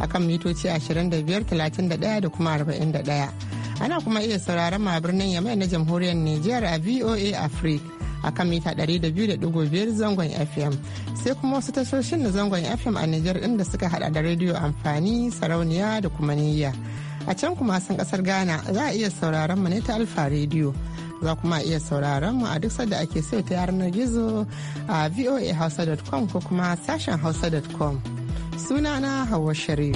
akan mitoci 25,31 da kuma 41. Ana kuma iya sauraron ma birnin Yamai na jamhuriyar Nijar a VOA Africa akan mita 200.5 zangon FM. Sai kuma wasu tashoshin na zangon FM a Nijar inda suka hada da rediyo amfani, sarauniya da kuma niyya. A can kuma sun kasar Ghana za a iya sauraron mu ne ta Alfa rediyo Za kuma iya sauraron mu a duk sadda ake so ta yanar gizo a voahausa.com ko kuma sashen hausa.com. Sunana Hauwa Sharif.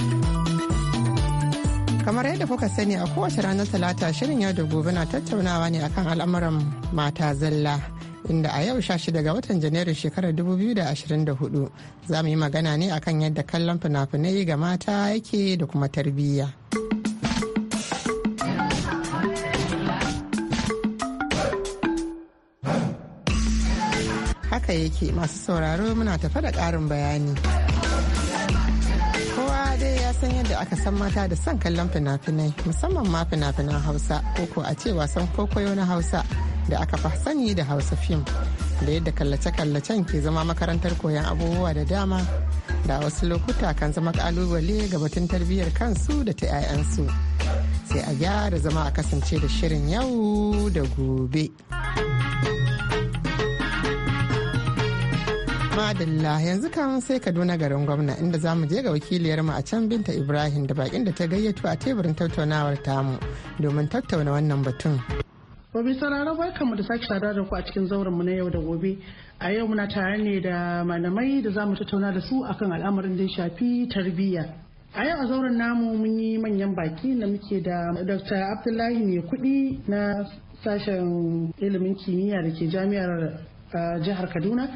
Kamar yadda kuka sani a kowace ranar Talata shirin yau da gobe na tattaunawa ne akan al'amuran mata zalla. inda a yau shi daga watan janairu shekarar 2024 za mu yi magana ne akan yadda kallon fina-finai ga mata yake da kuma tarbiyya. haka yake masu sauraro muna tafa da ƙarin bayani. ya san yadda aka san mata da son kallon fina-finai musamman ma fina-finan hausa ko a ce wasan kwaikwayo na hausa da aka fi sani da hausa fim da yadda kallace-kallacen ke zama makarantar koyon abubuwa da dama da wasu lokuta kan zama kalubale ga batun tarbiyyar kansu da ta 'ya'yansu sai a gyara zama a kasance da shirin yau da gobe. madalla yanzu kan sai kaduna garin gwamna inda za mu je ga wakiliyarmu a can binta ibrahim da bakin da ta gayyato a teburin tattaunawar tamu domin tattauna wannan batun Gobe sarara bai mu da sake saduwa da ku a cikin zauren mu na yau da gobe. A yau muna tare ne da malamai da za mu tattauna da su akan al'amarin da shafi tarbiyya. A yau a zauren namu mun yi manyan baki da muke da Dr. Abdullahi mai Kudi na sashen ilimin kimiyya da ke jami'ar eh, jihar Kaduna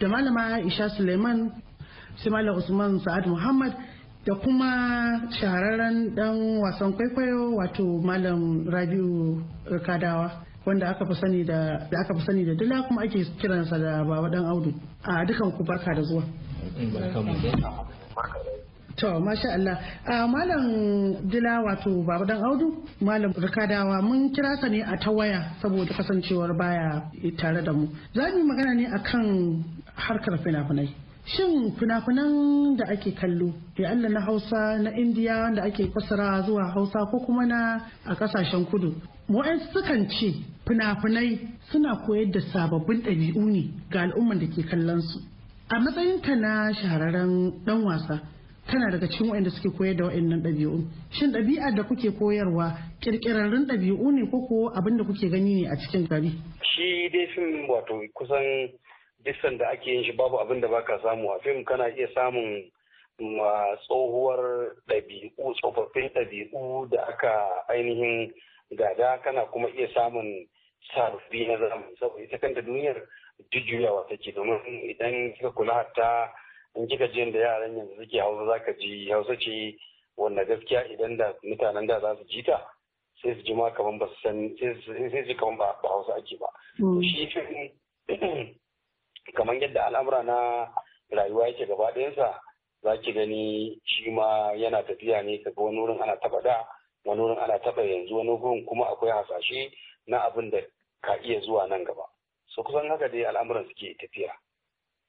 da malama Aisha Suleiman sai malam Usman Sa'ad Muhammad da kuma shahararren dan wasan kwaikwayo wato malam Rabiu Kadawa wanda aka fi sani da aka fi sani da Dila kuma ake kiransa da Baba dan Audu a dukan ku barka da zuwa To, masha Allah. Uh, Malam Dila wato Baba Dan Audu, Malam Rikadawa mun kira ka ne a ta waya saboda kasancewar baya tare da mu. Za mu magana ne akan harkar fina-finai shin fina-finan da ake kallo da Allah na hausa na indiya da ake fasara zuwa hausa ko kuma na a kasashen kudu wa'ansu sukan ce fina-finai suna koyar da sababbin ɗabi'u ne ga al'umman da ke kallon su a matsayinka na shahararren ɗan wasa tana daga cikin waɗanda suke koyar da waɗannan ɗabi'u shin ɗabi'ar da kuke koyarwa ƙirƙirarrun ɗabi'u ne ko ko abin da kuke gani ne a cikin gari shi dai fim wato kusan isan da ake yin shi babu abin da baka samu a fim kana iya samun mm, tsohuwar ɗabi'u tsofaffin ɗabi'u da aka ainihin gada kana kuma iya samun sarufi na zamani saboda ita kanta duniyar jujjuyawa take domin idan kika kula hatta in kika je da yaran yanzu suke hausa zaka ji hausa ce wanda gaskiya idan da mutanen da za su ji ta sai su ji ma ba su san sai su ji kaman ba hausa ake ba hmm. kamar yadda al'amura na rayuwa yake gaba ɗayansa za ki gani shi ma yana tafiya ne kaga wani wurin ana taɓa da wani wurin ana taɓa yanzu wani wurin kuma akwai hasashe na abin da ka iya zuwa nan gaba so kusan haka dai al'amuran suke tafiya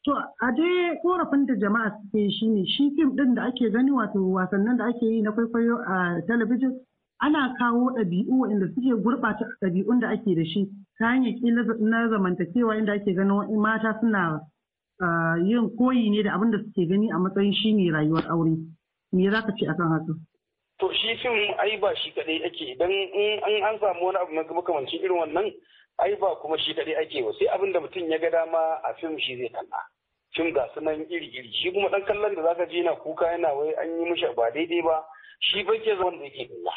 To a dai korafin da jama'a suke shi ne shi fim ɗin da ake gani wato wasannin da ake yi na kwaikwayo a talabijin ana kawo ɗabi'u inda suke gurɓata ɗabi'un da ake da shi ta hanyar kila na zamantakewa inda ake ganin mata suna ah, yin koyi ne da abin da suke gani a matsayin shi ne rayuwar aure me za ka ce akan haka to shi fim ai ba shi kadai ake idan in an samu wani abu makamancin irin wannan ai ba kuma shi kadai ake ba sai abin da mutum ya ga dama a fim shi zai kalla fim ga sunan iri iri shi kuma dan kallon da zaka je yana kuka yana wai an yi mishi ba daidai ba shi bai ke zama wanda yake kalla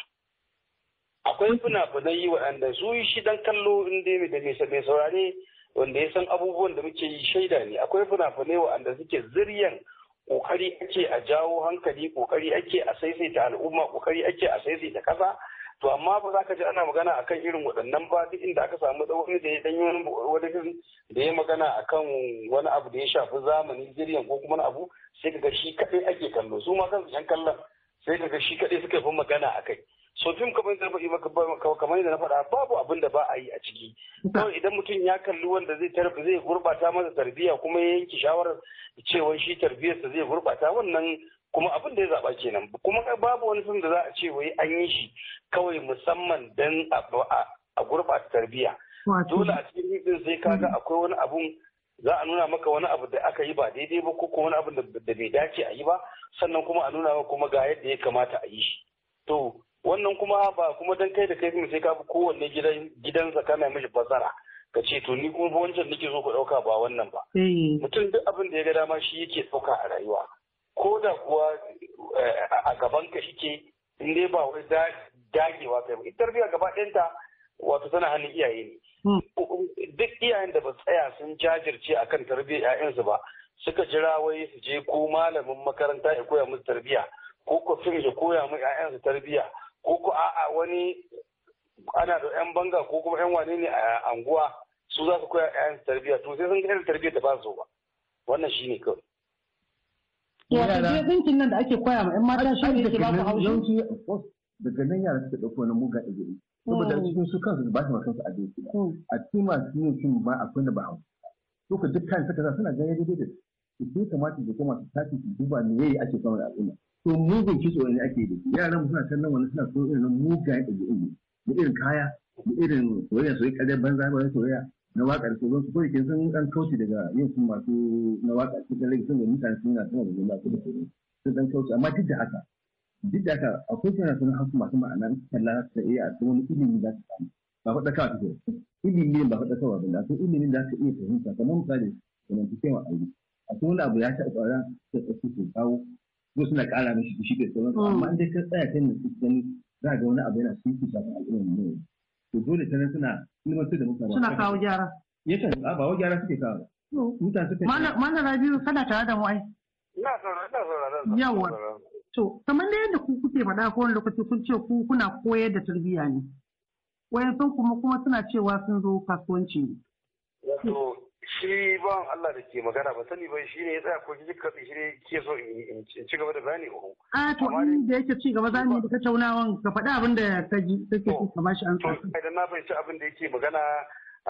akwai fina yi waɗanda su yi shi dan kallo inda da mai saurare wanda ya san abubuwan da muke yi shaida ne akwai fina-finai waɗanda suke ziryan kokari ake a jawo hankali kokari ake a saisaita al'umma kokari ake a saisaita ƙasa to amma ba za ka ji ana magana akan irin waɗannan ba duk inda aka samu tsawon da ya dan yi wani da ya magana akan wani abu da ya shafi zamani jiryan ko kuma abu sai ka ga shi kaɗai ake kallo su ma kansu yan kallon sai ka ga shi kaɗai suka fi magana akai sofin fim kamar yadda kamar yadda na faɗa babu abin da ba a yi a ciki kawai idan mutum ya kalli wanda zai tarbi zai gurbata masa tarbiyya kuma ya yanke shawarar cewa shi tarbiyyarsa zai gurbata wannan kuma abin da ya zaba kenan kuma babu wani sun da za a ce wai an yi shi kawai musamman dan a gurbata tarbiyya dole a cikin hidin sai kaga akwai wani abun za a nuna maka wani abu da aka yi ba daidai ba ko wani abu da bai dace a yi ba sannan kuma a nuna maka kuma ga yadda ya kamata a yi shi to wannan kuma ba kuma dan kai da kai mu sai ka bi kowanne gidan gidansa kana mishi fasara ka ce to ni kuma wancan nake so ku dauka ba wannan ba eh. mutum duk abin da ya ga dama shi yake dauka a rayuwa ko da kuwa eh, a gaban ka shike in dai ba wai dagewa kai ba ita tarbiyya gaba wato tana hannun iyaye ne hmm. duk iyayen da ba tsaya sun jajirce akan tarbiyyar 'ya'yansu ba suka jira wai su je ko malamin makaranta ya koya musu tarbiyya, ko kwafin ya koya mu 'ya'yansu tarbiyya. ko ko a'a wani ana da yan banga ko kuma yan wane ne a anguwa su za su koya yan tarbiyya to sai sun ga yan tarbiyya da ba su ba wannan shine kawai a nan da ake koya ma 'yan mata shi ke ba su haushi. Oh. Daga nan yara suka ɗauko wani muga gari Saboda hmm. cikin su kansu ba su masu a gari A cikin masu yin fim ba akwai na ba hausa To ka duk kan suka suna ganin daidai da su. Su kamata da kuma su tafi duba me yayi ake samun al'umma. to mugun kitso ne ake da yaran suna nan wani suna so irin mugaye da ne mu irin kaya mu irin soyayya soyayya kadar banza ba soyayya na waƙar da sauran su kawai kin san kauce daga yin sun masu na waƙa su kallon sun da mutane sun na suna da zama su da su sun dan kauce amma duk da haka duk da haka akwai suna suna hasu masu ma'ana kalla ta iya a wani ilimi za ta samu ba faɗa kawai ta ilimi ba faɗa kawai ba akwai ilimin da ta iya fahimta kamar misali kamar ta wa aure akwai wani abu ya taɓa ƙwara da tsaki su kawo ko suna ƙara mishi shi da sauransu hmm. amma an dai ka tsaya kan suke gani za ga wani abu yana sun fi shafin al'umma ne to dole ta suna ilmantar da mutane suna kawo gyara ya a ba wa gyara suke kawo mutane suka mana biyu kada tare da mu ai na sauraron yawa to kamar da yadda ku kuke faɗa ko wani lokaci kun ce ku kuna koyar da tarbiyya ne sun kuma kuma suna cewa sun zo kasuwanci ne wato shi ban Allah da ke magana ba sani ba shi ne ya tsaya ko kike katsi shi ne ke so in ci gaba da zani ko A to in da yake ci gaba zani da tattaunawan ka faɗa abin da ka ji take ki ka bashi an tsaya. Idan na fahimci abin da yake magana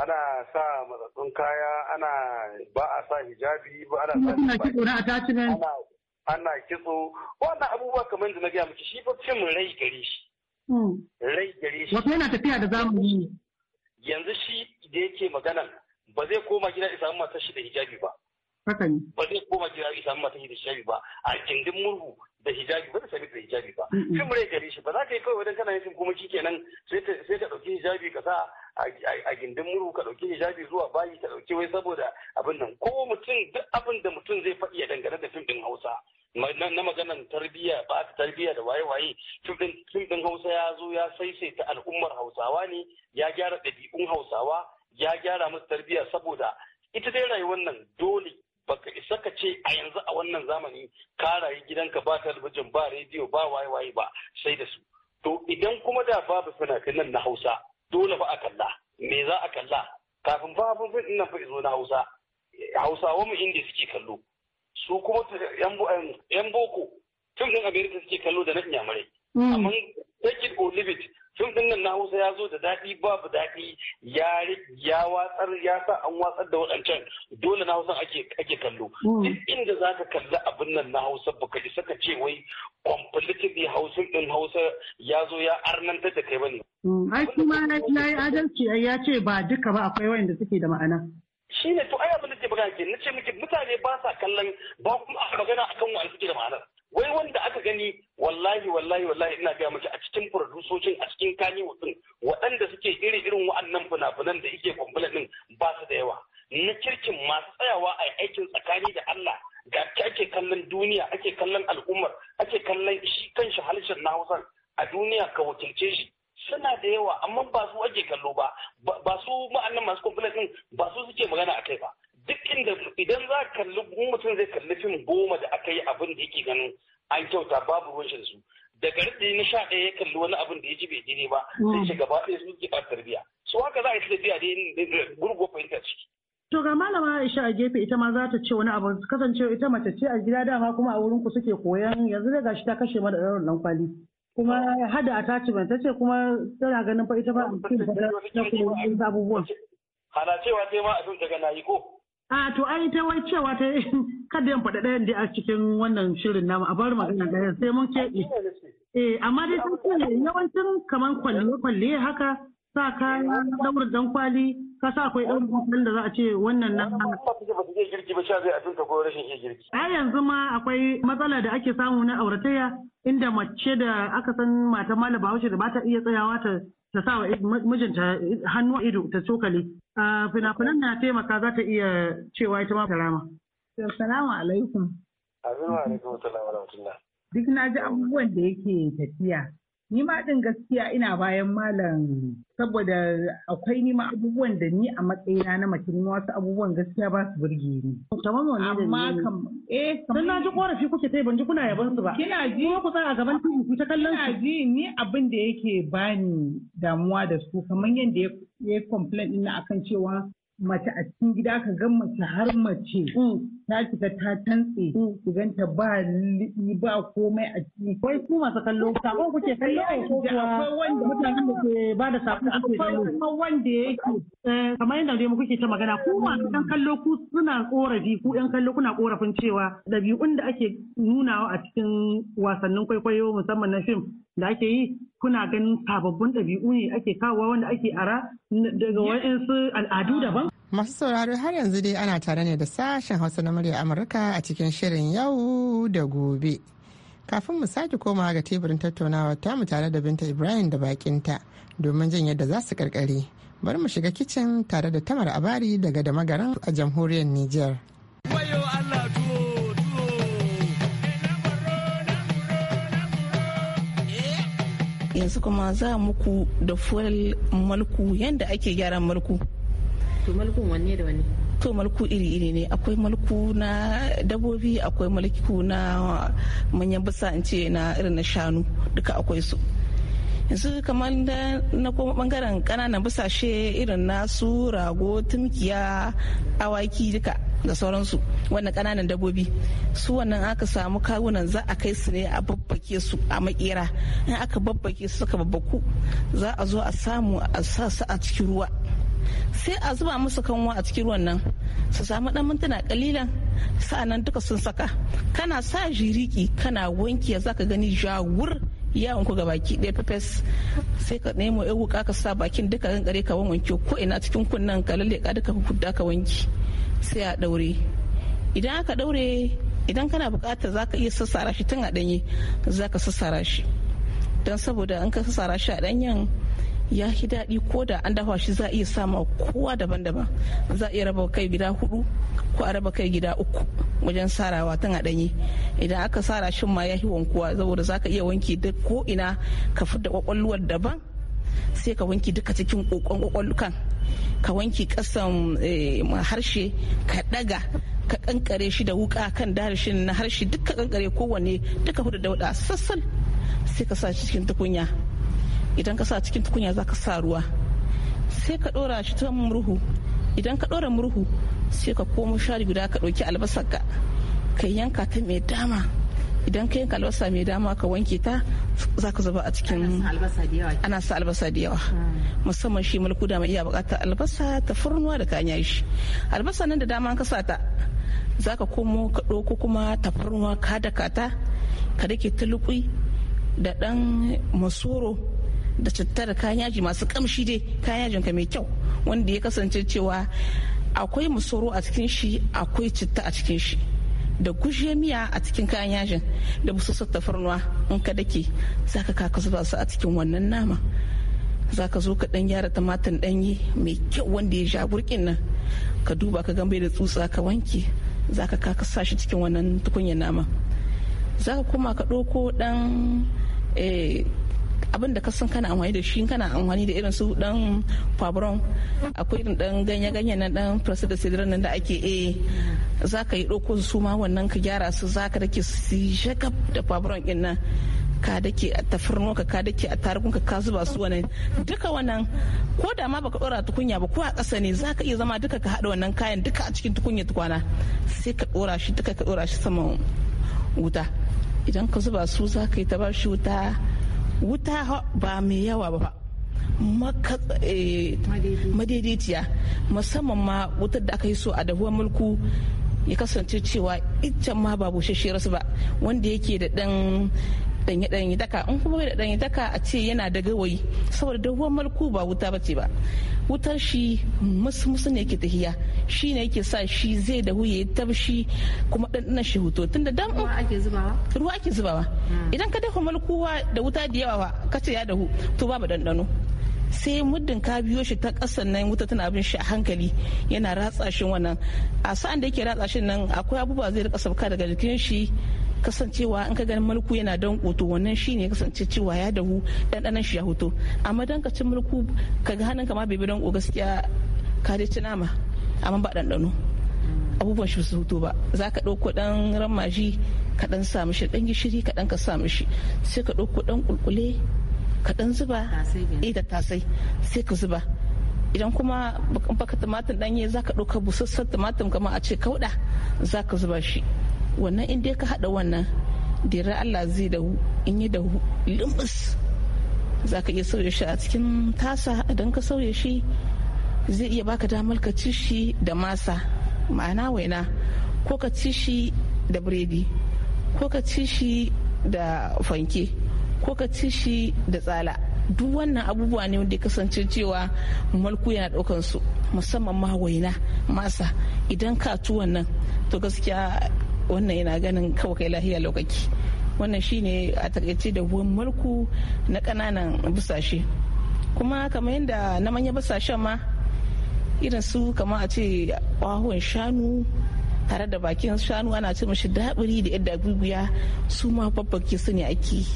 ana sa matsatsun kaya ana ba a sa hijabi ba ana sa. Ina kitso na attachment. Ana kitso wannan abubuwa kamar da na ga miki shi fa cin rai gare shi. Hmm. Rai gare shi. Wato yana tafiya da zamani. Yanzu shi da yake magana ba zai koma gida ya samu matar shi da hijabi ba ba zai koma gida ya samu matar shi da hijabi ba a gindin murhu da hijabi ba da sabi da hijabi ba fim rai gare shi ba za ka yi kawai wajen kana yin kuma kenan sai ka ɗauki hijabi ka sa a gindin murhu ka ɗauki hijabi zuwa bayi ka ɗauki wai saboda abin nan ko mutum duk abin da mutum zai faɗi ya dangane da fim ɗin hausa na maganan tarbiyya ba ta tarbiyya da waye-waye fim ɗin hausa ya zo ya saisaita al'ummar hausawa ne ya gyara ɗabi'un hausawa ka ba talabijin ba rediyo ba waye ba sai da su to idan kuma da babu fina-finan na hausa dole ba a kalla me za a kalla kafin babu fin nan fa izo na hausa hausawa mu inda suke kallo su kuma yan boko fim din america suke kallo da na inyamurai hmm. amma take it or leave fim din nan na hausa ya zo da daɗi babu daɗi ya watsar ya sa an watsar da waɗancan dole na hausa ake kallo hmm. duk inda za ka kalli abin nan na hausa baka ji saka ce wai completely hausin din hausa ya zo ya arnanta da kai bane hmm. ai kuma na yi adalci ya ce ba duka ba akwai wayanda suke da ma'ana shine to ai abin da ke baka ke nace miki mutane ba sa kallon ba kuma a magana akan wa'anda suke da ma'anar wai wanda aka gani wallahi wallahi wallahi ina gaya miki a cikin furadusocin a cikin kani waɗanda suke iri irin wa'annan fina-finan da yake kwamfula ɗin ba su da yawa na kirkin masu tsayawa a aikin tsakani da Allah ga ake kallon duniya ake kallon al'ummar ake kallon shi kanshi halishin na Hausa a duniya ka wakilce shi suna da yawa amma ba su ake kallo ba ba su ma'annan masu kwamfula ɗin ba su suke magana a kai ba duk inda idan za ka kalli mutum zai kalli fim goma da aka yi abin da yake ganin an kyauta babu rushin su daga rufe na sha ɗaya ya kalli wani abin da ya ji bai ne ba mm. sai shiga ba ɗaya suke ba tarbiyya so haka za a yi tarbiya da gurgo fahimta ciki. To ga malama Aisha a gefe ita ma za ta ce wani abu kasance ita mace ce a gida dama kuma a wurin ku suke koyan yanzu da gashi ta kashe mana ɗaurin nan kwali. Kuma hada a taci ta ce kuma tana ganin fa ita ba a cikin abubuwan. Halacewa sai ma a sun daga na yi ko. A to ai ta wai cewa ta kada yan faɗa ɗayan da a cikin wannan shirin namu a bar magana ɗayan sai mun keɓe. Eh amma dai sun ce yawancin kamar kwalle haka sa ka daura dan kwali ka sa akwai ɗan bukunan da za a ce wannan nan. A yanzu ma akwai matsala da ake samu na auratayya inda mace da aka san mata malam bahaushe da ba ta iya tsayawa ta ta sa mijinta hannu ido ta cokali fina-finan na taimaka za ta iya cewa ita ma karama. Salamu alaikum. Azuwa alaikum wa rahmatullah. Duk na ji abubuwan da yake tafiya ni ma din gaskiya ina bayan malam saboda akwai ni ma abubuwan da ni a matsayina na mace ni wasu abubuwan gaskiya ba su burge ni kamar wannan amma kam eh kamar na ji korafi kuke tai ban ji kuna yaban su ba kina ji kuma ku tsaya a gaban tudu ku ta kallon su kina ji ni abin da yake bani damuwa da su kamar yadda ya complain din akan cewa mace a cikin gida ka ga mace har mace mm. ta cika ta tantse mm. ki ganta ba liɗi ba komai a ciki wai ku masu kallo sakon kuke kallo ko kuwa wanda mutanen da ke ba da sakon kuke kallo kuma wanda yake eh, kamar yadda dai ke ta magana ku masu ɗan kallo ku suna korafi ku ɗan kallo kuna korafin cewa ɗabi'un da ake nunawa a cikin wasannin kwaikwayo musamman na fim da ake yi kuna ganin sababbin ɗabi'u ne ake kawowa wanda ake ara daga waɗansu al'adu daban Masu sauraro har yanzu dai ana tare ne da sashen Hausa na murya Amurka a cikin shirin yau da gobe. Kafin mu sake koma ga teburin tattaunawa ta mu tare da Binta Ibrahim da bakinta domin jin yadda za su karkare. Bari mu shiga kicin tare da Tamar Abari daga da magaran a jamhuriyar niger. Yanzu kuma za muku da fuwar malku yadda ake gyara malku. wato malkun wanne da wani to malku iri-iri ne akwai malku na dabobi akwai malku na manyan bisa in ce na irin na shanu duka akwai su yanzu kamar da na koma bangaren kananan bisashe irin nasu rago tumkiya awaki duka da sauransu wannan kananan dabobi su wannan aka samu kawunan za a kai su ne a babbake su a makera in aka babbake su suka babbaku za a zo a samu a sa su a cikin ruwa sai a zuba musu kanwa a cikin ruwan nan su samu dan mintuna kalilan sa'annan duka sun saka kana sa jiriki kana wanki za ka gani jawur yawon ku baki ɗaya pepes sai ka nemo yan wuka ka sa bakin duka gangare ka wanke ko ina cikin kunnan ka lalle ka duka hudda ka wanki sai a daure idan aka daure idan kana bukata za ka iya sassara shi tun a danye za ka sassara shi don saboda an ka sassara shi a danyen ya fi daɗi ko da an dafa shi za a iya sama kowa daban-daban za a iya raba kai gida hudu ko a raba kai gida uku wajen sarawa tun a ɗanye idan aka sara shin ma ya yi wankuwa saboda za ka iya wanki duk ko ina ka fita kwakwalwar daban sai ka wanki duka cikin kokon kwakwallukan ka wanki kasan eh, harshe ka daga ka kankare shi da wuka kan darshin na harshe duka kankare kowanne duka hudu da wada sassan sai ka sa cikin tukunya idan ka sa cikin tukunya za ka sa ruwa sai ka ɗora shi ta murhu idan ka ɗora murhu sai ka komo shari guda ka ɗauki albasar ka ka yanka ta mai dama idan ka yanka albasa mai dama ka wanke ta za ka zuba a cikin ana sa albasa da yawa hmm. musamman shi mulku da mai iya bukatar albasa ta furnuwa da kanya shi albasa nan da dama ka sa ta za ka komo ka ɗauko kuma ta furnuwa ka daka ta ka dake ta da ɗan masoro da tattara kayan yaji masu kamshi dai kayan yajin ka mai kyau wanda ya kasance cewa akwai musoro a cikin shi akwai citta a cikin shi da kushe miya a cikin kayan yajin da musu tafarnuwa in ka dake za ka kaka zuba su a cikin wannan nama za ka zo ka dan gyara tumatir ɗanye mai kyau wanda ya sha burkin nan ka duba ka gambe da tsutsa ka wanke za ka kaka sa shi cikin wannan tukunyar nama za ka koma ka ɗauko ɗan eh, abin da ka san kana amfani da shi kana amfani da irin su dan fabron akwai irin dan ganye-ganye na dan prasidasidiran nan da ake e za ka yi ɗauko su ma wannan ka gyara su za ka dake su shagab da fabron din nan ka dake a tafarno ka dake a tarukun ka zuba su wannan duka wannan ko da ma baka dora tukunya ba ko a ƙasa ne za ka iya zama duka ka hada wannan kayan duka a cikin tukunya tukwana sai ka dora shi duka ka dora shi saman wuta idan ka zuba su za ka yi ta bashi wuta wuta ba mai yawa ba eh, madaidaiciya musamman ma wutar da aka yi so a dahuwar mulku ya kasance cewa iccen ma ba bushasshiyar su ba wanda yake da dan danyi danyi daka in kuma bai da danyi daka a ce yana da gawayi saboda dawwamar malku ba wuta bace ba wutar shi musu musu ne ke tahiya shi ne yake sa shi zai da huye tabshi kuma ɗanɗanan shi hoto tunda dan ruwa ake zubawa ruwa ake zubawa hmm. idan ka dafa malkuwa da wuta da yawa ka ce ya dahu to babu ɗanɗano sai muddin ka biyo shi ta ƙasan nan wuta tana bin shi a hankali yana ratsa shi wannan a sa'an da yake ratsa shi nan akwai abubuwa zai rika sauka daga jikin shi kasancewa in ka gani mulku yana dan koto wannan shine kasance cewa ya dahu ɗanɗanon shi ya hoto amma dan ka ci mulku ka ga hannun kama ma bai bi dan ko gaskiya ka dai ci nama amma ba ɗanɗano abubuwan shi su hoto ba za ka ɗauko ɗan ramaji ka ɗan sa mishi ɗan gishiri ka ɗan ka sa mishi sai ka ɗauko ɗan kulkule ka ɗan zuba eh da tasai sai ka zuba idan kuma baka tumatir ɗanye za ka ɗauka busassar tumatir kama a ce kauɗa za ka zuba shi wannan in dai ka hada wannan dira allah zai da in yi da limbus za ka iya sauya shi a cikin tasa idan ka sauya shi zai iya baka damar ka ci shi da masa ma'ana waina ko ka ci shi da biredi ko ka ci shi da fanke ko ka ci shi da tsala duk wannan abubuwa ne wanda ya kasance cewa malku yana daukan su musamman ma waina masa idan ka tuwon wannan to gaskiya wannan yana ganin kawai kai lahiya lokaci wannan shine a takaice da ruwan mulku na kananan busashe kuma kamar yadda na manya busashen ma irin su kamar a ce ƙwahon shanu tare da bakin shanu ana ce mashi daɓiri da yadda guguya su ma babbake su ne ake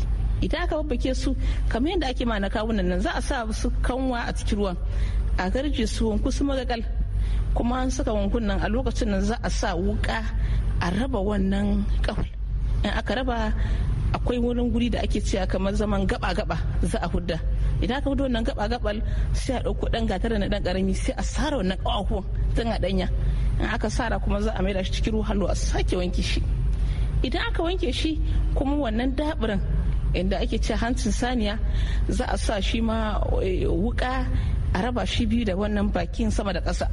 idan aka babbake su kamar yadda ake ma na kawunan nan za a sa su kanwa a cikin ruwan a garje su wanku su magagal kuma an saka wankun nan a lokacin nan za a sa wuka a raba wannan kawai in aka raba akwai wurin guri da ake cewa kamar zaman gaba-gaba za a hudda idan aka hudda wannan gaba-gabal sai a ɗauko ɗan gatara na dan ƙarami sai a sara wannan ƙawahuwan tun a ɗanya in aka sara kuma za a maida shi cikin ruhalo a sake wanke shi idan aka wanke shi kuma wannan dabirin inda ake ce hancin saniya za a sa shi ma eh, wuƙa a raba shi biyu da wannan bakin sama da ƙasa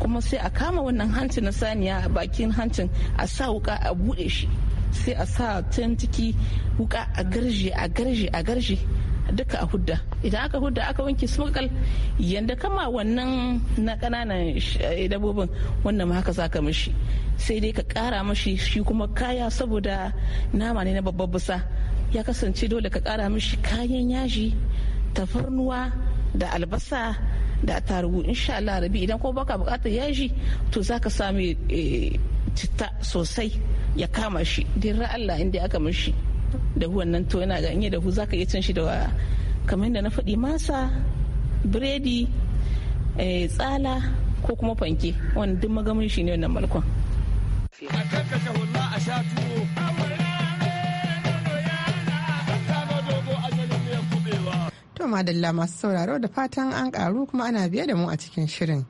kuma sai a kama wannan hancin na saniya a bakin hancin a sa wuka a bude shi sai a sa tantiki ciki wuka a garje a garje a garje duka a hudda idan aka hudda aka wanke su makal yanda kama wannan na kananan eh, dabobin wannan ma haka zaka mishi sai dai ka kara mashi shi kuma kaya saboda nama ne na babbar busa ya kasance dole ka kara mishi kayan yaji tafarnuwa da albasa da tarugu insha Allah rabi idan ko baka bukatar yaji to zaka sami eh, citta sosai ya kama shi din Allah inda aka mishi da wannan to yana ga da hu zaka iya cin shi da waya kamar da na faɗi masa biredi eh, tsala ko kuma fanke wanda duk magamin shi ne wannan malkon. madalla masu sauraro da fatan an karu kuma ana biye da mu a cikin shirin.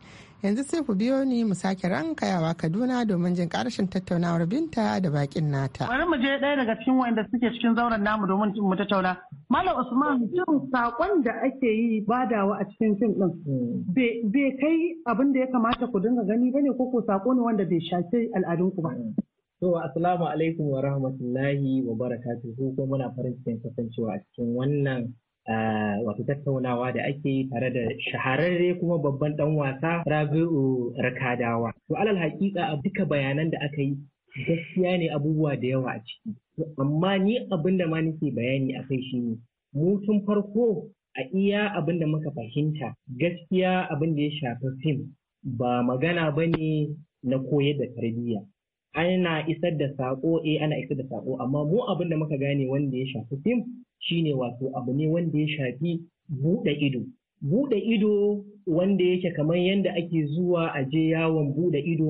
Yanzu sai ku biyo ni mu sake rankayawa Kaduna domin jin karashin tattaunawar binta da bakin nata. Bari mu je ɗaya daga cikin wanda suke cikin zauren namu domin mu tattauna. Malam Usman jin sakon da ake yi badawa a cikin fim din bai kai abin da ya kamata ku dinga gani bane ko ko sako ne wanda bai shafi ku ba. To assalamu alaikum wa rahmatullahi wa barakatuhu ko muna farin cikin kasancewa a cikin wannan Eh, wato tattaunawa da ake tare da shahararre kuma babban dan wasa Rabi'u Rakadawa. To alal hakika a duka bayanan da aka yi gaskiya ne abubuwa da yawa a ciki. Amma ni abinda da ma nake bayani a kai shi ne mu tun farko a iya abinda muka fahimta gaskiya abin da ya shafi fim ba magana ba ne na koyar da tarbiyya. ana isar da sako eh ana isar da sako amma mu abin da muka gane wanda ya shafi fim shine wato abu ne wanda ya shafi buɗe ido buɗe ido wanda yake kamar yadda ake zuwa a je yawon buɗe ido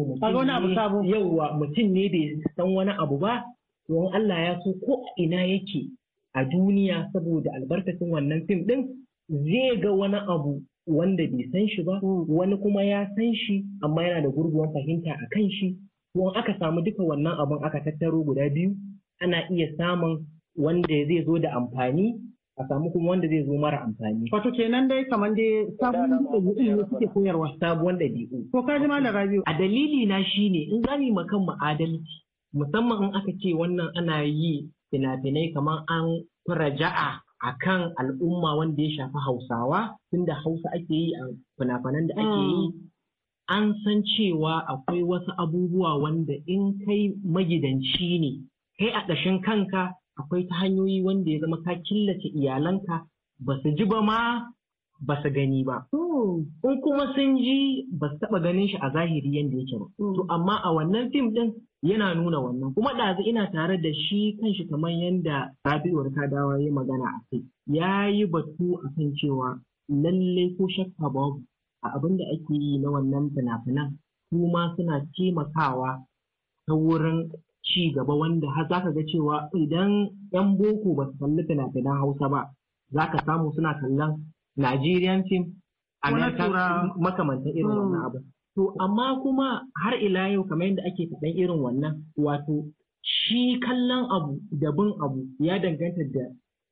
yawa mutum ne bai san wani abu ba don Allah ya so ko a ina yake a duniya saboda albarkacin wannan fim ɗin zai ga wani abu wanda bai san shi ba hmm. wani kuma ya san shi amma yana da gurguwan fahimta a kan shi to in aka samu duka wannan abun aka tattaro guda biyu ana iya samun wanda zai zo da amfani a samu kuma wanda zai zo mara amfani. Wato kenan dai kamar dai sabon ɗabi'u ne suke koyarwa. Sabuwar ɗabi'u. Ko ka ji malam Rabiu. A dalili na ne, in za mu kan mu adalci musamman in aka ce wannan ana yi fina-finai kamar an faraja'a a kan al'umma wanda ya shafi hausawa tunda hausa ake yi a fina-finan da ake yi mm. an san cewa akwai wasu abubuwa wanda in kai magidanci ne kai a ƙashin kanka akwai ta hanyoyi wanda ya zama ka killace iyalanka ba su ji ba ma ba su gani ba. Hmm. In kuma sun ji ba su taɓa ganin shi a zahiri yadda yake ba. Hmm. To amma a wannan fim ɗin yana nuna wannan kuma ɗazu ina tare da shi kanshi kamar yadda rabi'uwar dawa ya magana a kai ya yi batu a kan cewa lallai ko shakka babu a abin da ake yi na wannan fina-finan su ma suna taimakawa ta wurin ci gaba wanda har za ka ga cewa idan 'yan boko ba su kalli fina-finan hausa ba za ka samu suna kallon Nigerian team American makamantan irin hmm. wannan abu. To amma kuma har ila yau kamar yadda ake faɗan irin wannan wato shi kallon abu da bin abu ya danganta da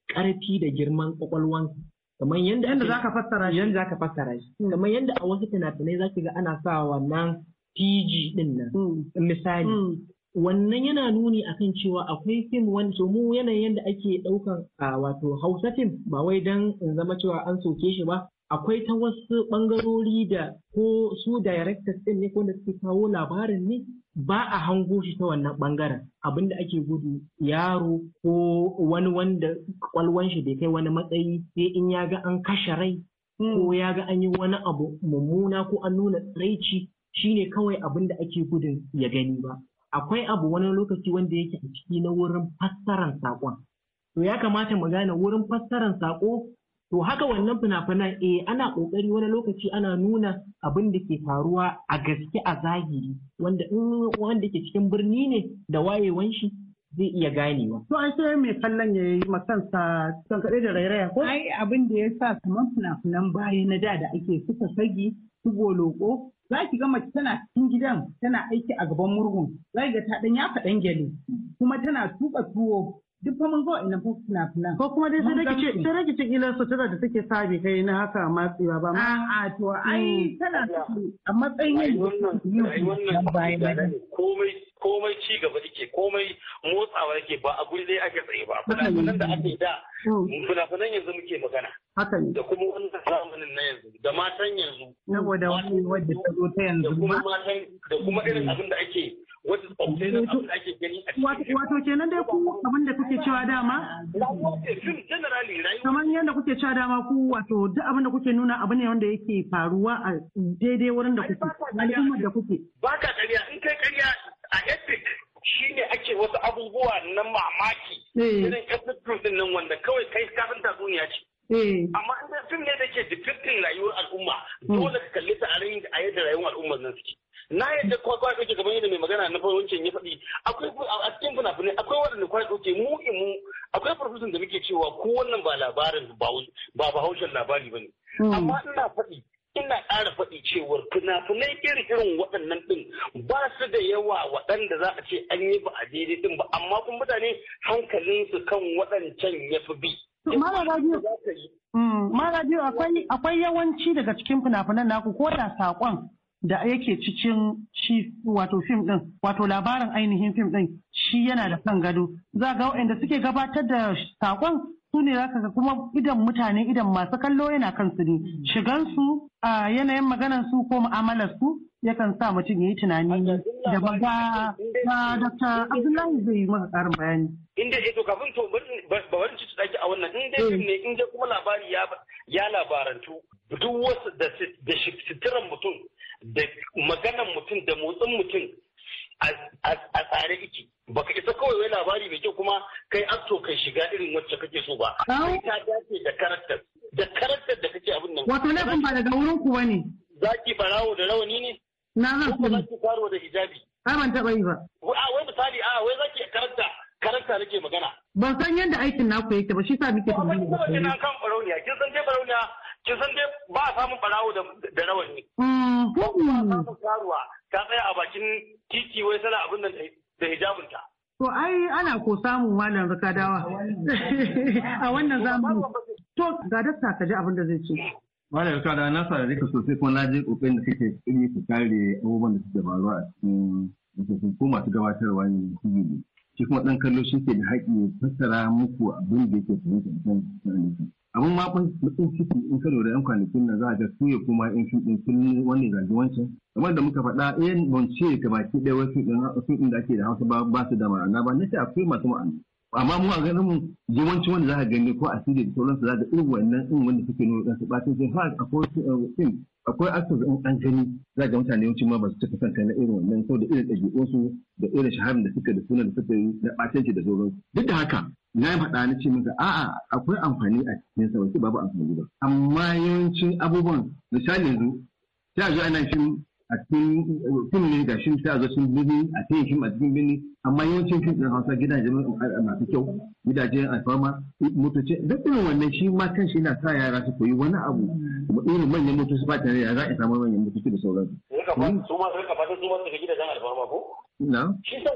ƙarfi da girman ƙwaƙwalwanka. kamar yadda yanda zaka fassara shi yanda zaka fassara shi hmm. kamar yanda a wasu tunatunai zaki ga ana sa wannan PG din nan hmm. misali hmm. wannan yana nuni akan cewa akwai fim wani so mu yanayin yadda ake daukan a wato hausa fim ba wai dan in zama cewa an soke shi ba akwai ta wasu ɓangarori da ko su directors ɗin ne ko da suke kawo labarin ne ba a hango shi ta wannan ɓangaren abinda ake gudu yaro ko wani wanda kwalwan shi bai kai wani matsayi sai in ya ga an kashe rai hmm. ko ya ga an yi wani abu mummuna ko an nuna tsiraici shine kawai abinda ake gudun ya gani ba akwai abu wani lokaci wanda yake a ciki na wurin fassaran saƙon to ya kamata mu gane wurin fassaran saƙo To haka wannan fina-finan eh ana ƙoƙari wani lokaci ana nuna abin da ke faruwa a gaske a zahiri wanda in wanda ke cikin birni ne da wayewan shi zai iya ganewa. To an sai mai kallon ya yi sa, son kaɗai da rairaya ko? Ai abin da ya sa kamar fina-finan baya na da da ake suka sagi su goloko za ki ga mace tana cikin gidan tana aiki a gaban murhun za ki ga ta ɗan yafa ɗan gyale kuma tana tuka tuwo duk fa mun ga wa'annan suna fina-finan. Ko kuma dai sai rage ce sai dake ce ilar sutura da take sabe kai na haka matsewa ba. A'a to ai hmm. tana a matsayin yin wannan bayan komai komai ci gaba yake komai motsawa yake ba a guri dai ake tsaye ba. fina nan da ake da hmm. fina-finan yanzu muke magana. Haka ne. Da kuma wannan zamanin na yanzu da matan yanzu. Saboda wani wadda ta zo ta yanzu. Da kuma matan da kuma irin abin da ake wasu tsautai eh, na da ake gani a cikin wato kenan dai ku abin da kuke cewa dama rayuwa ce yadda kuke cewa dama ku wato duk abin da kuke nuna abu ne wanda yake faruwa a daidai wurin da kuke al'ummar da kuke ba ka ƙarya in kai ƙarya a ethic ne ake wasu abubuwa na mamaki eh. irin ethic group din nan wanda kawai kai kafin duniya ce eh. amma in fim ne da ke depicting rayuwar al'umma hmm. dole ka kalli ta a yadda rayuwar al'ummar nan suke na yadda kwa kwa kake kamar yadda mai magana na wancan ya faɗi akwai a cikin fina-finai akwai waɗanda kwa ɗauke mu mu akwai farfusun da muke cewa ko wannan ba labarin ba bahaushen labari ba ne hmm. amma ina faɗi ina ƙara faɗi cewar fina-finai irin waɗannan ɗin ba su da yawa waɗanda za a ce an yi ba a daidai ɗin ba amma kuma mutane hankalinsu kan waɗancan ya fi bi. Mara biyu hmm. akwai yawanci daga cikin fina-finan naku ko da saƙon da yake cikin shi wato fim din wato labarin ainihin fim din shi yana da kan gado za ga waɗanda suke gabatar da sakon su ne za ga kuma idan mutane idan masu kallo yana kan su ne shigansu a yanayin maganar su ko mu'amalar su yakan sa mutum ya yi tunani da baga na dr abdullahi zai yi maka karin bayani in dai eh, to kafin to bari ci tsaki a wannan in dai ne in dai kuma labari ya labarantu duk wasu da sitiran mutum da maganan mutum da motsin mutum a tsare iki ka isa kawai wai labari mai kyau kuma kai akto kai shiga irin wacce kake so ba kai ta dace da karakter da karakter da kake abin nan wato laifin ba daga wurin ku bane zaki farawo da rawani ne na zan ku zaki faro da hijabi ai ban taba yi ba a wai misali a wai zaki karanta karakta nake magana ban san yadda aikin naku yake ba shi sa muke tambaya ba ina kan barauniya kin san dai barauniya kin san dai ba a samun barawo da rawani ah, Ba a hmm. samun karuwa ta tsaya a bakin titi wai sana abin da da hijabinta to ai ana ko samun malam zakadawa a wannan zamani to ga dasta ka ji abin da zai ce Malam Kada na sa da sosai kuma na je kokarin da kake yi ka kare abubuwan da suke faruwa a cikin mutum ko masu gabatarwa ne shi kuma ɗan kallo shi ke da haƙƙi fassara muku abin da yake fahimta a kan amma ma mutum ciki in ka lura yan kwanakin nan za a ga su ya kuma yan fim din sun wani zage wancan kamar da muka faɗa yan eh, wance ta baki ɗaya wasu fim din da ake da hausa ba su da ma'ana ba na ce akwai masu ma'ana amma mu a ganin mu yawanci wanda za a gani ko asiri da sauransu za ga irin wannan in wanda suke nuna ɗansu ɓacin sai har akwai wasu eh, fim akwai asu in an gani za ga mutane yawanci ma ba su cika kanta na irin wannan sau da irin ɗabi'unsu da irin shahararren da suka da suna da suka yi na ɓatanci da su. duk da haka na yi faɗa na ce maka a'a akwai amfani a cikin sa wasu babu amfani ba amma yawancin abubuwan misali yanzu sai a zo ana fim a cikin fim ne ga shi sai a zo sun bini a cikin fim a cikin bini amma yawancin fim na hausa gidaje masu kyau gidajen alfama motoci duk irin wannan shi ma kan shi yana sa yara su koyi wani abu irin manyan motoci ba tare da za a samu manyan motoci da sauransu. Rika fata hmm? su ma rika fata su ma su gidajen alfarma ko? Na. Shi sa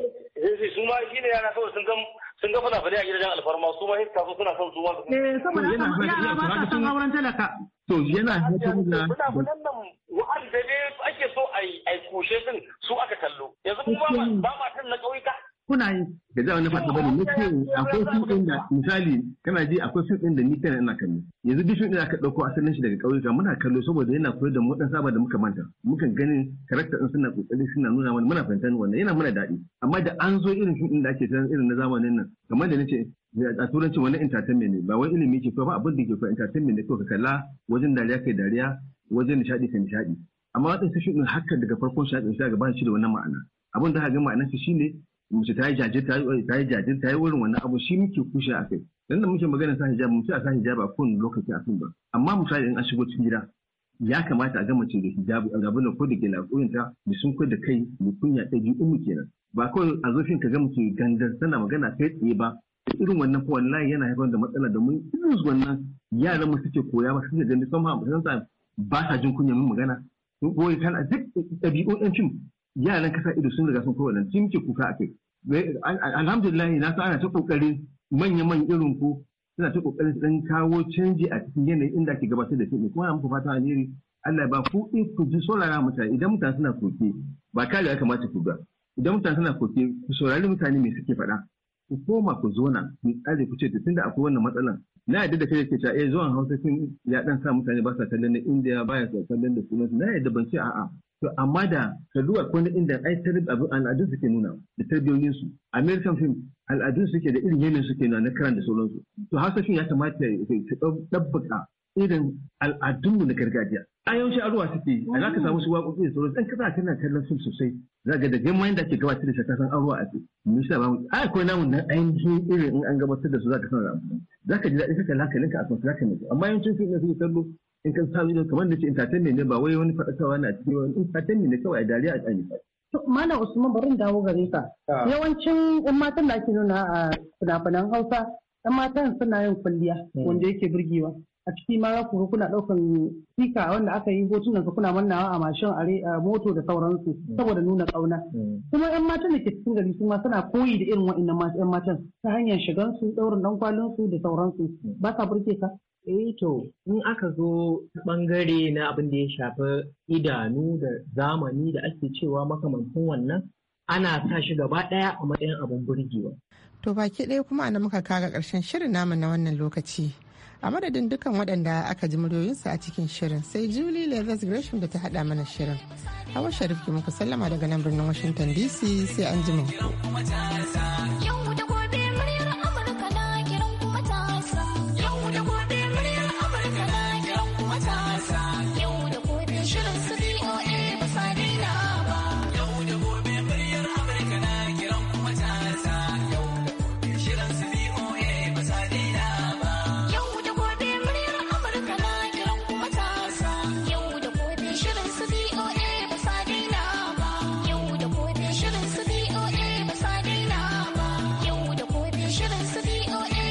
su ma shi ne yana kawai sun ga sun ga fada a gidajen alfarma su ma sai kaso suna son su ma. Eh saboda yara ba ta son auren talaka. To yana haifar da. Kudakunan nan wa'anda dai ake so a yi kushe din su aka kallo. Yanzu kuma ba ma tun na ƙauyuka kuna yi da za wani fata bane ce akwai su din da misali kana ji akwai su din da ni kana ina kallo yanzu duk ɗin da aka a asalin shi daga ƙauyuka muna kallo saboda yana koyar da mu ɗan saba da muka manta muka ganin karakta ɗin suna ƙoƙari suna nuna mana muna fahimtar wannan yana mana daɗi amma da an zo irin shi din da ake san irin na zamanin nan kamar da nace a turanci wani entertainment ne ba wai ilimi ke ba abin da ke fa entertainment ne ko ka kalla wajen dariya kai dariya wajen nishaɗi kai nishaɗi. amma waɗansu shi ɗin haka daga farkon shi din ba shi da wannan ma'ana abin da ga ma'anarsa ne mace ta yi jajir ta yi jajir ta yi wurin wannan abu shi muke kushe a kai dan da muke magana sa hijabi mu a sa hijabi a kowane lokaci a kun ba amma misali in a shigo cikin gida ya kamata a ga mace da hijabi a gaban ko da ke na ta da sun da kai mu kunya ta biyu umu kenan ba kawai a zofin ka ga mace gandar tana magana kai tsaye ba irin wannan ko wallahi yana haifar da matsala da mu irin wannan yaran mu suke koya ba suke ganin kuma ba ba sa jin kunya mun magana ko kan duk ɗabi'un ɗan fim yaran kasa ido sun riga sun kowa nan sun ce kuka akai alhamdulillah na san ana ta kokarin manya manyan irin ku suna ta kokarin su dan kawo canji a cikin yanayin inda ake gabatar da shi kuma na muku fata alheri Allah ba ku in ku ji saurara mutane idan mutane suna koke ba kare ya kamata ku ga idan mutane suna koke ku saurari mutane me suke faɗa ku koma ku zona ku tsare ku ce tunda akwai wannan matsalan na yadda da kai ke ta eh zuwan Hausa sun ya dan sa mutane ba sa kallon na India ba ya sa kallon da sunan na yadda ban ce a'a To amma da ka zuwa na inda ai al'adun suke nuna da tarbiyoyin su. American film al'adun suke da irin yanayin suke nuna na karan da sauransu. To Hausa shi ya kamata ya dabbaka irin al'adunmu na gargajiya. A yawanci aruwa suke a za ka samu su waƙoƙi da sauransu. Ɗan kasa kana kallon film sosai. Za ga da gama yadda ake gabatar da shaka san aruwa a ce. Me sa ba mu? A akwai namun na ainihin irin in an gabatar da su za ka san ramu. Za ka ji daɗi saka hankalinka a kan za ka nutsu. Amma yawancin film ne suke kallo in kan sami ido kamar da ce entertainment ne ba wai wani faɗakarwa na cikin wani entertainment ne kawai a dariya a To, mana Usman barin dawo gare ka. Ah. Yawancin ƴan matan da ake nuna a fina Hausa, ƴan matan suna yin kwalliya hmm. wanda yake burgewa. A ciki ma za ku kuna ɗaukan sika wanda aka yi hotunan su kuna mannawa a mashin a moto da sauransu hmm. saboda nuna ƙauna. Hmm. Kuma ƴan matan da ke cikin gari su ma suna koyi da irin wa'innan ‘yan matan ta hanyar shigansu, ɗaurin ɗan kwalinsu da sauransu. Ba sa burge ka? Eh to in aka zo ta ɓangare na abin da ya shafi idanu da zamani da ake cewa makamantan wannan ana sa shi gaba ɗaya a matsayin abin burgewa. To baki ɗaya kuma ana muka kaga ƙarshen shirin namu na wannan lokaci. A madadin dukkan waɗanda aka ji muryoyinsu a cikin shirin sai Julie Lazarus Gresham da ta haɗa mana shirin. Hawa Sharif ke muku sallama daga nan birnin Washington DC sai an ji mu.